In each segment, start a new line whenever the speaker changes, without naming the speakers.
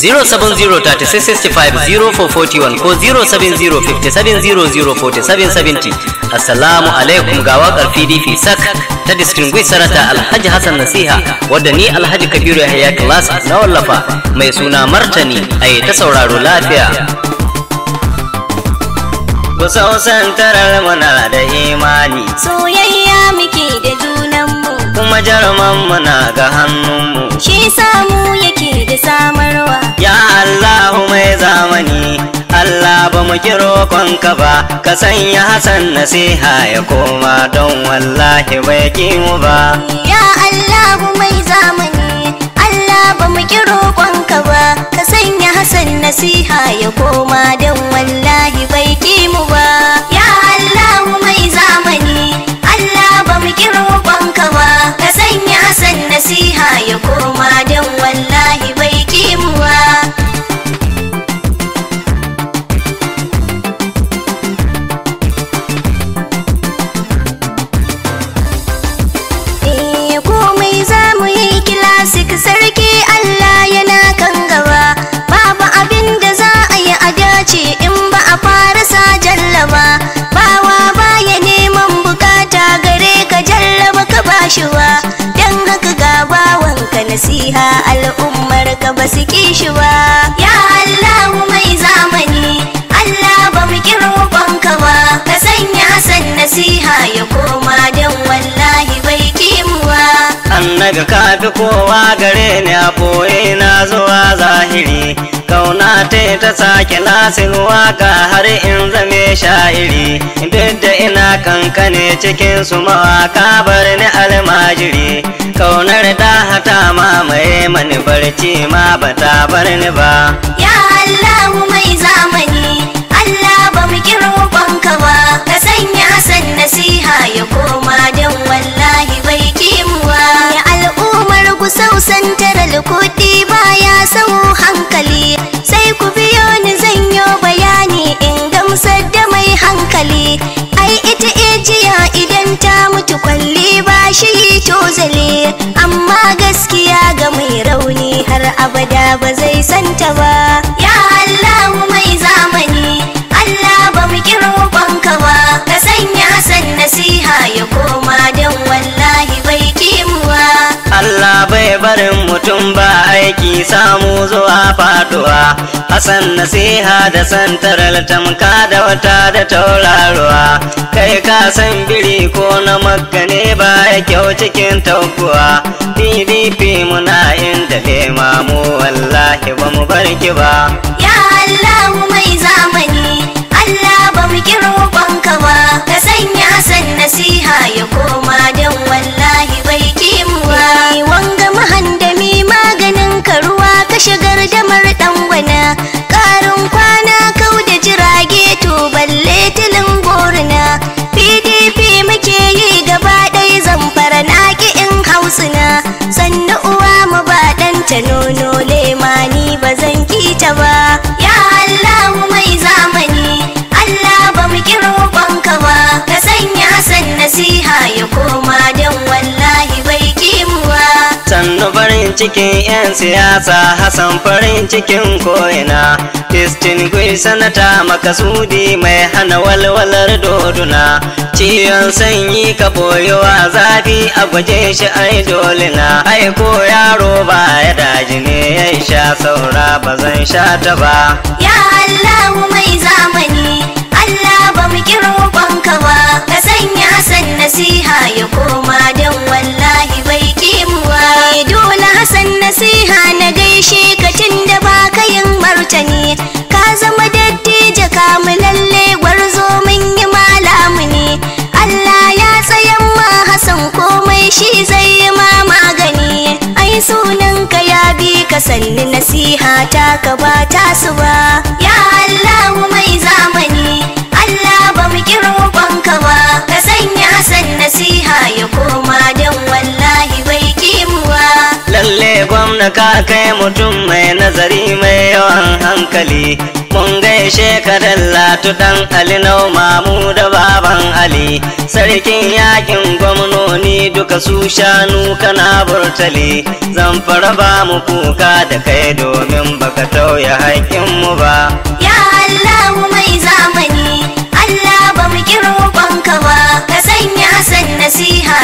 07036650441 ko 07057004770 assalamu alaikum ga waƙar pdp sak ta distinguished sanata alhaji hassan nasiha wadda ni alhaji kabiru Yahya class na wallafa mai suna martani a ta sauraro lafiya kusa usan tarar muna da imani
soyayya muke da ju
jarman na ga hannunmu shi
samu yake da samarwa
ya allahu mai zamani Allah ba mu kiro kwanka ba ka sanya Hassan nasiha ya koma don wallahi bai ki mu ba
ya allahu mai zamani Allah ba mu kiro kwanka ba ka sanya Hassan nasiha ya koma don wallahi bai your
daga ka fi kowa gare ni a boye na zuwa zahiri kauna ta ta sake nasin waka har in zame sha'iri duk da ina kankane cikin su mawaka bar ni almajiri kaunar da hata mamaye mani barci ma bata bar ni ba
ya allahu mai zamani allah ba mu ba ka sanya Hassan nasiha ya koma san taral kuɗi baya sau hankali sai ku biyo ni zan zanyo bayani in gamsar da mai hankali ai ita ejiya idan ta mutu kwalli ba shi zale amma gaskiya ga mai rauni har abada ba zai santa ba
faduwa Hassan nasiha da santaral tamka da wata da tauraruwa kai ka san biri ko na makka ne ba ya kyau cikin taukuwa pdp muna inda lema mu wallahi ba mu barki ba
ya Allah mu mai zamani allah ba mu banka ba ka sanya Hassan nasiha ya koma don wallahi bai kimuwa eh,
cikin 'yan siyasa Hassan farin cikin ko'ina Distingui sanata makasudi mai hana walwalar doduna Ciyon sanyi ka a zafi a guje shi ai dole Aiko yaro ba ya daji ne ya sha saura ba zan sha ta ba Ya
Allahu mai zamani Allah ba mu kiro banka ba Ka sanya Hassan nasiha ya koma don wallahi bai kimuwa dole san nasiha na gaishe ka tun da ba ka yin martani ka zama dattija ka mu lalle gwarzo mun yi malamu ne Allah ya tsayan ma Hassan komai shi zai yi ma magani ai sunan ka ya bi ka sanni nasiha ta ka ba ta su ba ya Allah mai zamani Allah ba mu kirkon ba ka sanya Hassan nasiha ya koma dan wallahi
na ka kai mutum mai nazari mai yawan hankali mun gaishe ka Latu, dan ali mamu da baban ali sarkin yakin gwamnoni duka su shanu kana burtali zan fara ba mu kuka da kai domin baka tauya haƙƙinmu ba ya
allahu mai zamani allah ba mu ki ba ka sanya san nasiha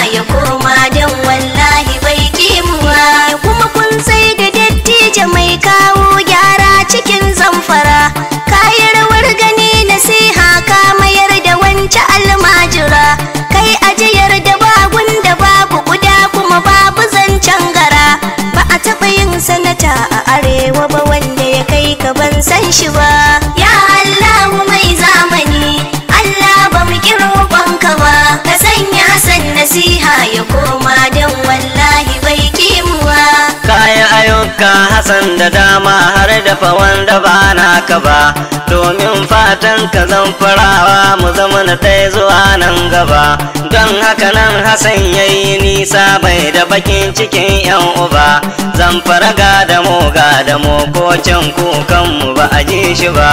da dama har da fa wanda ba naka ba domin fatan ka zan farawa mu zama na ɗaya zuwa nan gaba don haka nan hasan yayi nisa bai da bakin cikin yan uba zan fara ga da mu ga da mu ko can kukan mu ba a ji shi ba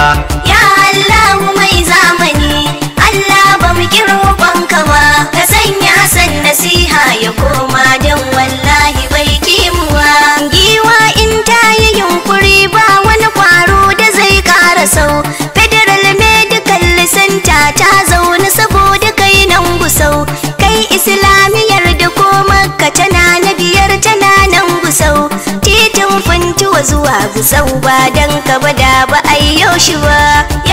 ya Allah mai zamani Allah ba mu kiro banka ba ka sanya hasan nasiha ya koma dan wallahi sau ba dan ka da ba yi yaushe ba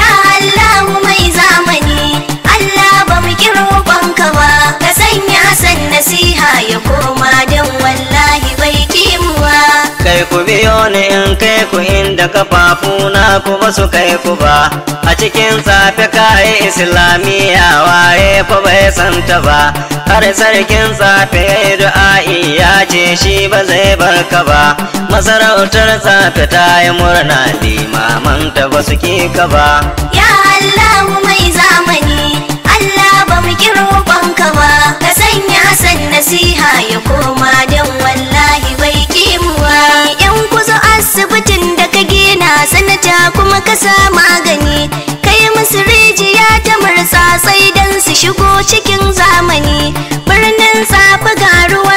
biyo ni in kai ku inda kafafuna ku ba su kai ku ba a cikin safe kayi islamiyya waye fa bai santa ba har sarkin safe ya du'a'i ya ce shi ba zai barka ba masarautar safe ta yi murna limaman ta ba su ka ba
ya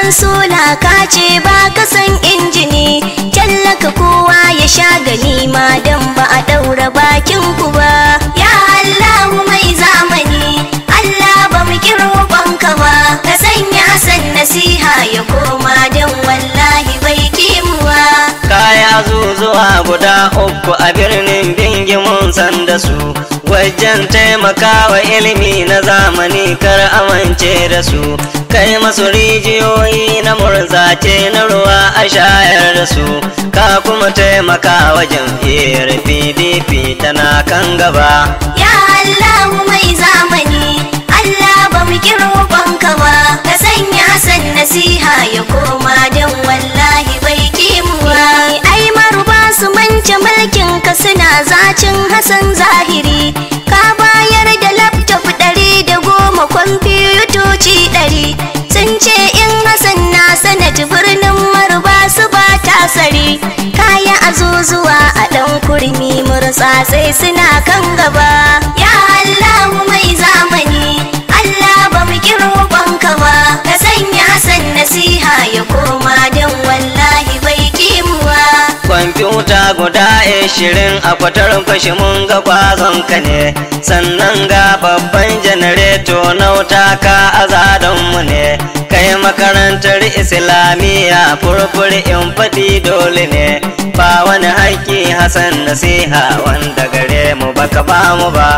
san suna kace ba ka san injini tallaka kowa ya sha ganima dan ba a daura bakin ku ba ya Allahu mai zamani Allah ba mu kirban ka ba ka sanya san nasiha ya koma dan wallahi bai kimuwa
kaya zuwa guda uku a birnin bingimun mun san da su wajen taimakawa ilimi na zamani kar amince da su kai masu rijiyoyi na murzace na ruwa a shayar da su ka kuma taimaka wajen jam'iyyar pdp tana kan gaba ya allahu mai
zamani allah ba mu banka ba ka sanya hasan nasiha ya koma don wallahi bai kimuwa su manci mulkin ka suna zacin Hassan zahiri ka bayar da laptop ɗari da goma kwamfiyutoci ɗari sun ce in Hassan na sanat birnin maruba su ba ta tasari kaya azuzuwa a ɗan kurmi murtsa suna kan gaba
guda ishirin a kwatar kwashi mun ga kwazon ka ne sannan ga babban janareto na wuta ka azadon mu ne kai makarantar islamiyya furfuri in faɗi dole ne ba wani haƙƙi hasan nasiha wanda gare mu ba ka ba mu ba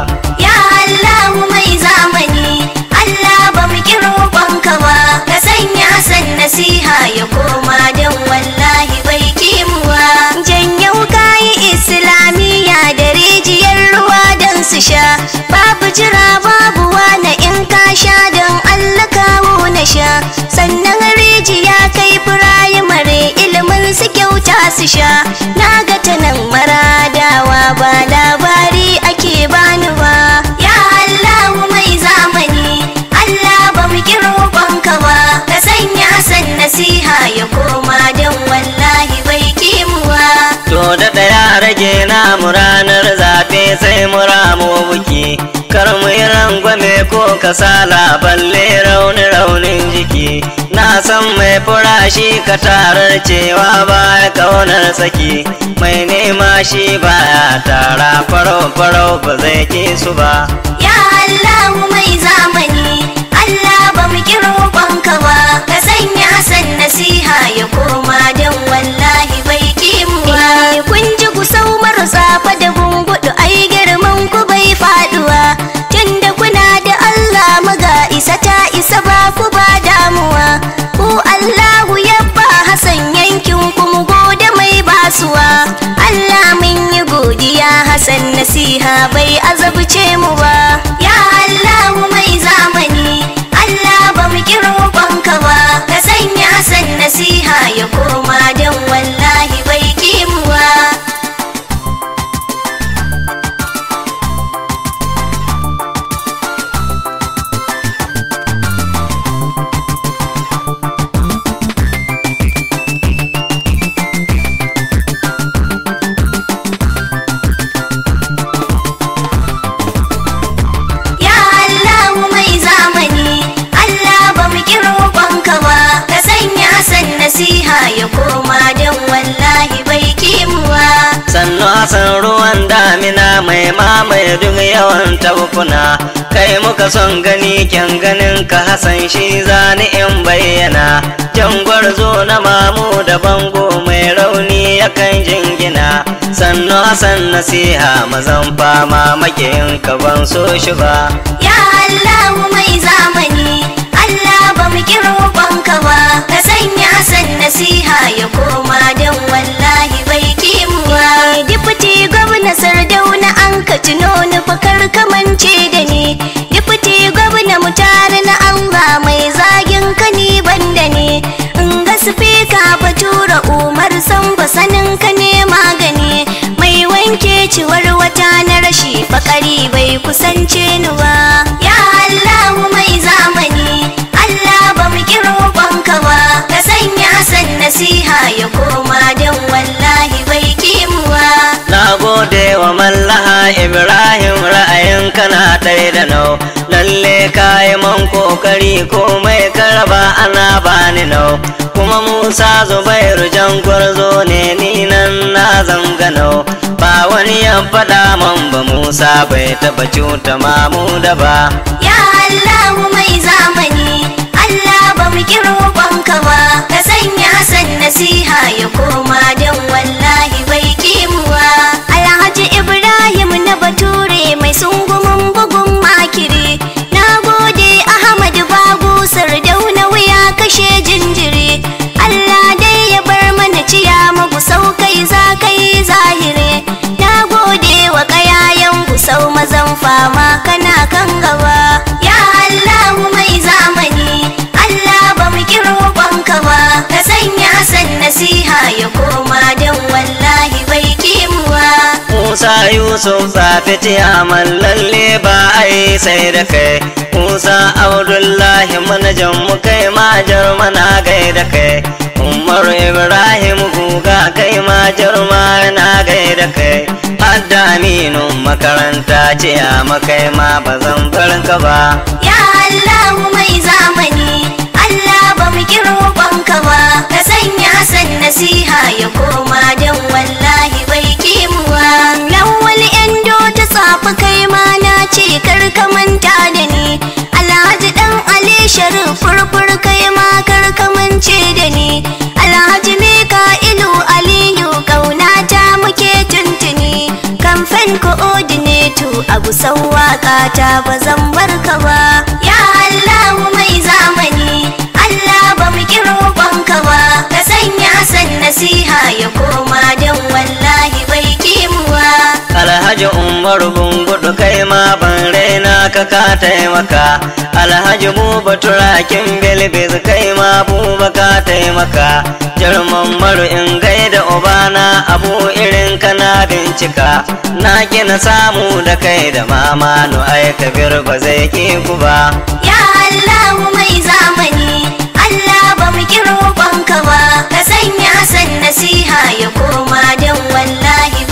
ya allahu
mai zamani allah ba mu ba ka sanya hasan nasiha ya koma don wallahi babu jira babu wane in ka sha don Allah kawo na sha sannan ya kai firayimare ilimin su kyauta su sha na ga tanan mara maradawa ba labari
sai mu buki kar mu yi rangwame ko kasala balle rauni raunin jiki na san mai fura shi ka tarar cewa ya kaunar saki mai nema shi ba ya tara farau farau ba zai ke su ba
ya allah mu mai zamani allah ba mu ki roƙonka ba ka sanya san nasiha ya koma don wallahi bai ki mu ba eh, kun ji ku saumar zafa da
duk yawan tabkuna kai muka son gani kyan ganin ka hasan shi zani in bayyana jangwar zo na mamu da bango mai rauni yakan jingina sannu hasan nasiha mazan fama makin ka ban so shi ba
ya allahu mai zamani allah ba mu kiro banka ba ka sanya hasan nasiha ya koma don wallahi bai kimuwa dipti gwamna sardauna tuno nufakar kamance da ni dipiti gwamna mutare na Allah mai zagin kani banda ne in ga fa batura umar san sanin ka ne magani mai wanke ciwar wata na rashi fakari bai kusance ni ba ya Allah mai zamani Allah ba mu ki ba ka sanya san nasiha yau
Ibrahim ra'ayin na tare da nau lalle kayi man kokari komai karaba ana bani nau kuma Musa Zubairu jan zo ne ni nan na zanga nau ba wani ya faɗa man ba Musa bai taɓa cuta mamu da ba ya
allahu mai zamani Allah ba mu ki roƙonka ba ka sanya Hassan nasiha ya koma don wallahi
Sun tsafi ciyaman lalle ba ai sai da kai Musa Abdullahi manajan mu kai majar mana gai da kai Umaru Ibrahim guga kai majar na gai da kai Hadda makaranta ce a makai ma ba zan bar ka ba
Ya Allah mai zamani Allah ba mu kirkon ka ba ka sanya Hassan nasiha ya koma dan wallahi bai kimuwa furfur kai ma kar ka mance da ni alhaji mika'ilu aliyu kauna ta muke tuntuni kamfen coordinator a sauwaka ta ba zan barka ba ya allahu mai zamani allah ba mu kirbanka ba ka sanya san nasiha ya koma don wallahi bai
kimuwa alhaji umar bungudu kai ma ban raina ka ka taimaka alhaji mu baturakin bilbiz kai ma buba ka taimaka jarman maru in gaida ubana abu irin kana bincika na gina samu da kai da mama nu aika birba zai ki ku ba
ya allah mai zamani allah ba mu kirbanka ba ka sanya san nasiha ya koma dan wallahi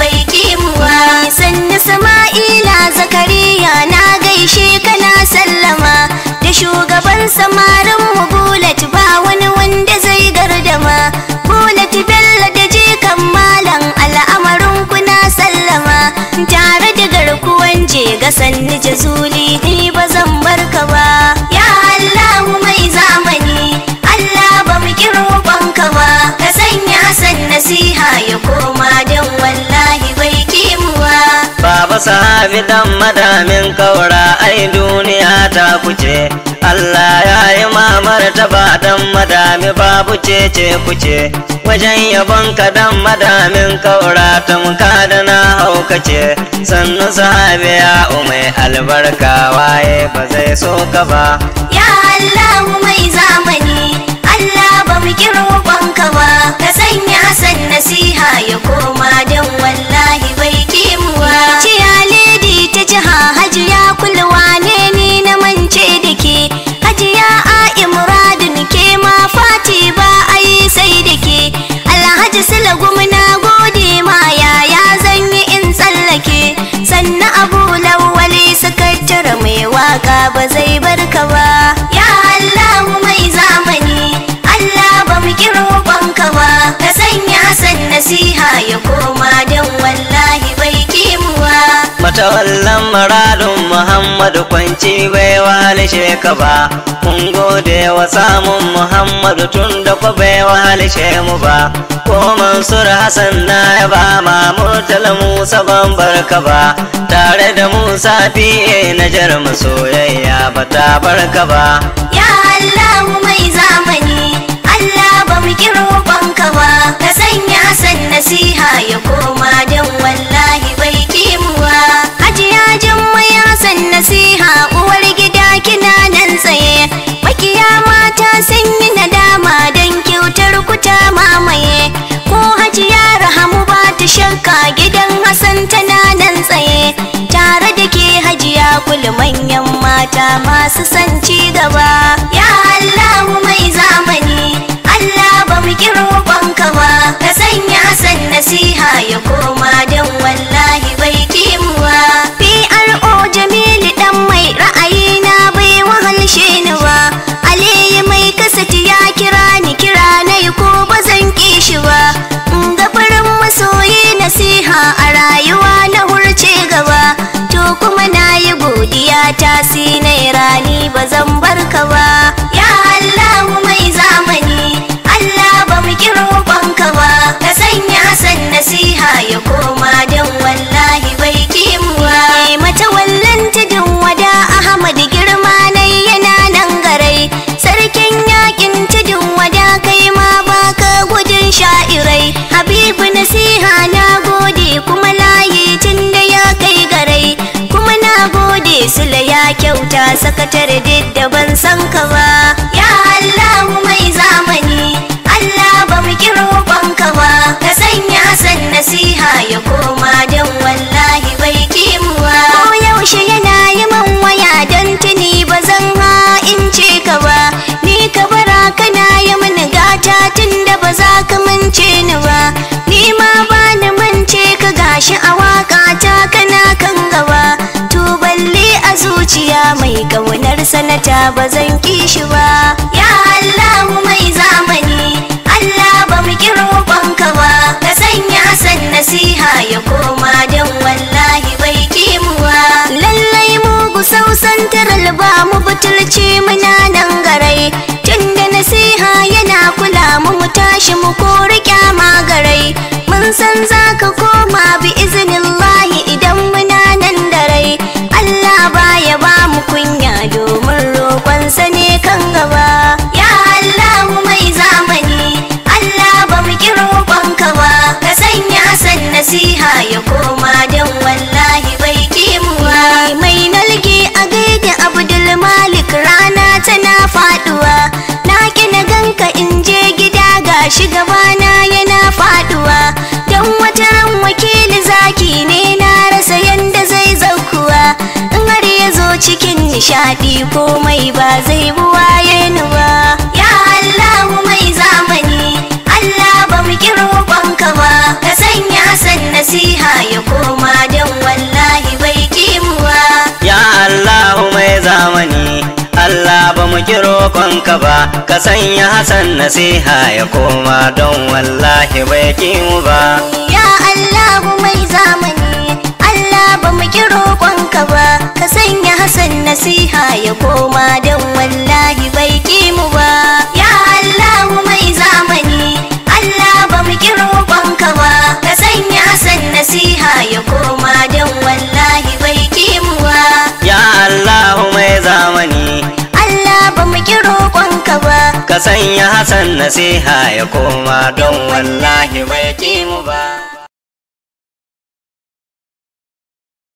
samarin mu bulet ba wani wanda zai gardama bulet bello da jikan malam al'amarin kuna sallama tare da garkuwan je ga sanni jazuli ni ba zan barka ba ya mu mai zamani allah ba mu kirbanka ba ka sanya Hassan nasiha
fasafi dan madamin kaura ai duniya ta kuce Allah ya yi mamar ba dan madami babu cece kuce wajen yabon ka dan madamin kaura ta muka da na haukace sannu sahabi ya umai albarka waye ba zai so ka ba
ya Allah mai zamani Allah ba mu girman ba ka sanya san nasiha ya koma dan wallahi lawali sakatare mai waka ba zai barka ba ya Allah mai zamani Allah ba mu ki roƙonka ba ka sanya san nasiha ya
ta wallan maradun muhammadu kwanci bai wahali sheka ba kun gode wa samun muhammadu tun da ku bai wahali mu ba ko mansur hassan na ya ba ma murtala musa ban barka ba tare da musa fiye na jar soyayya ba ta barka ba
ya allah mai zamani allah ba mu kirba da masu sanci gaba yara sakatare tare da ban san ka ba sanata ba zan kishi ba ya Allah mu mai zamani Allah ba mu banka ba ka sanya hasan nasiha ya koma dan wallahi bai kimuwa lallai mu gusausan taral ba mu butulci muna nan garai tunda nasiha yana kula mu mu tashi mu ko riƙya magarai mun san zaka koma bi izinin wallahi bai kimuwa mai nalge a gaida abdul malik rana tana faduwa na na ganka in je gida ga gabana yana faduwa don wata wakili zaki ne na rasa yanda zai zaukuwa in har ya zo cikin nishadi komai ba zai buwa yanuwa
mu roƙonka ba ka sanya hasan nasiha ya koma don wallahi bai kimu ba
ya allahu mai zamani allah ba mu roƙonka ba ka sanya hasan nasiha ya koma don wallahi bai kimu ba ya allahu mai zamani allah ba mu roƙonka ba ka sanya hasan nasiha ya koma
ka sanya hasan nasiha ya koma don wallahi bai ki
mu ba